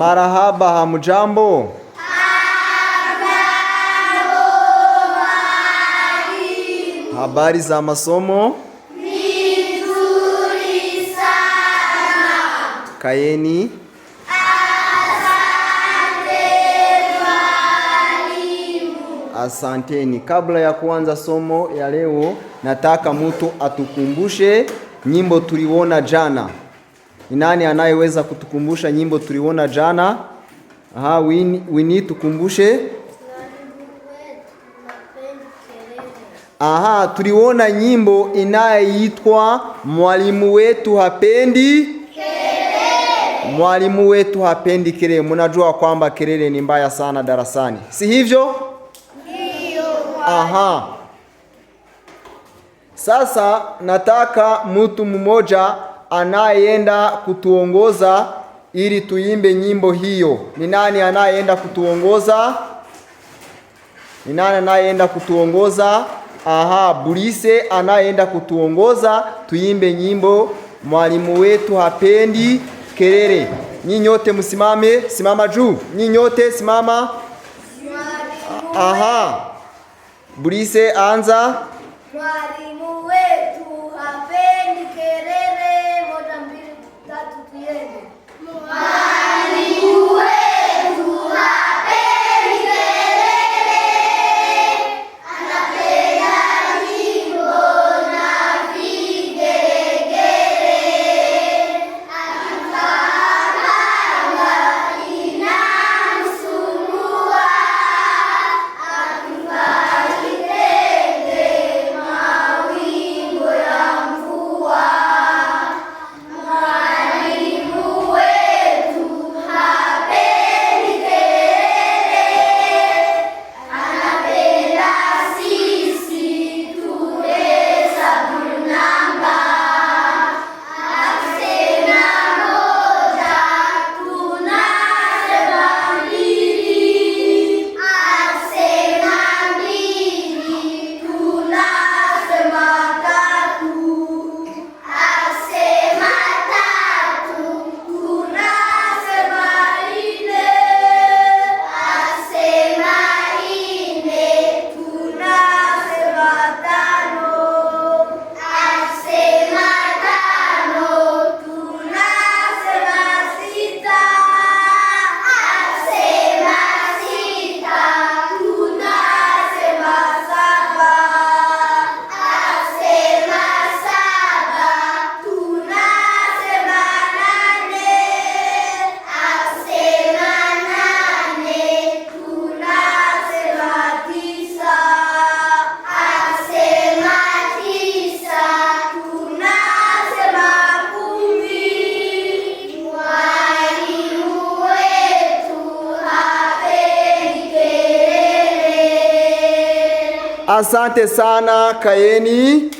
Marahaba, hamjambo? Hamjambo. Habari za masomo? Nzuri sana. Kayeni. Asanteni. Kabla ya kuanza somo ya leo, nataka mtu atukumbushe nyimbo tuliona jana. Ni nani anayeweza kutukumbusha nyimbo tuliona jana? Aha, wini, wini tukumbushe. Aha, tuliona nyimbo inayoitwa mwalimu wetu hapendi kelele. Mwalimu wetu hapendi kelele. Mnajua kwamba kelele ni mbaya sana darasani, si hivyo? Ndiyo. Aha. Sasa nataka mtu mmoja anayeenda kutuongoza ili tuimbe nyimbo hiyo? Ni nani anayeenda kutuongoza? Ni nani anayeenda kutuongoza? Aha, Bulise anayeenda kutuongoza tuimbe nyimbo mwalimu wetu hapendi kelele. Nyinyi nyote msimame, simama juu. Nyinyi nyote simama. Aha. Bulise anza. Mwalimu Asante sana, kaeni.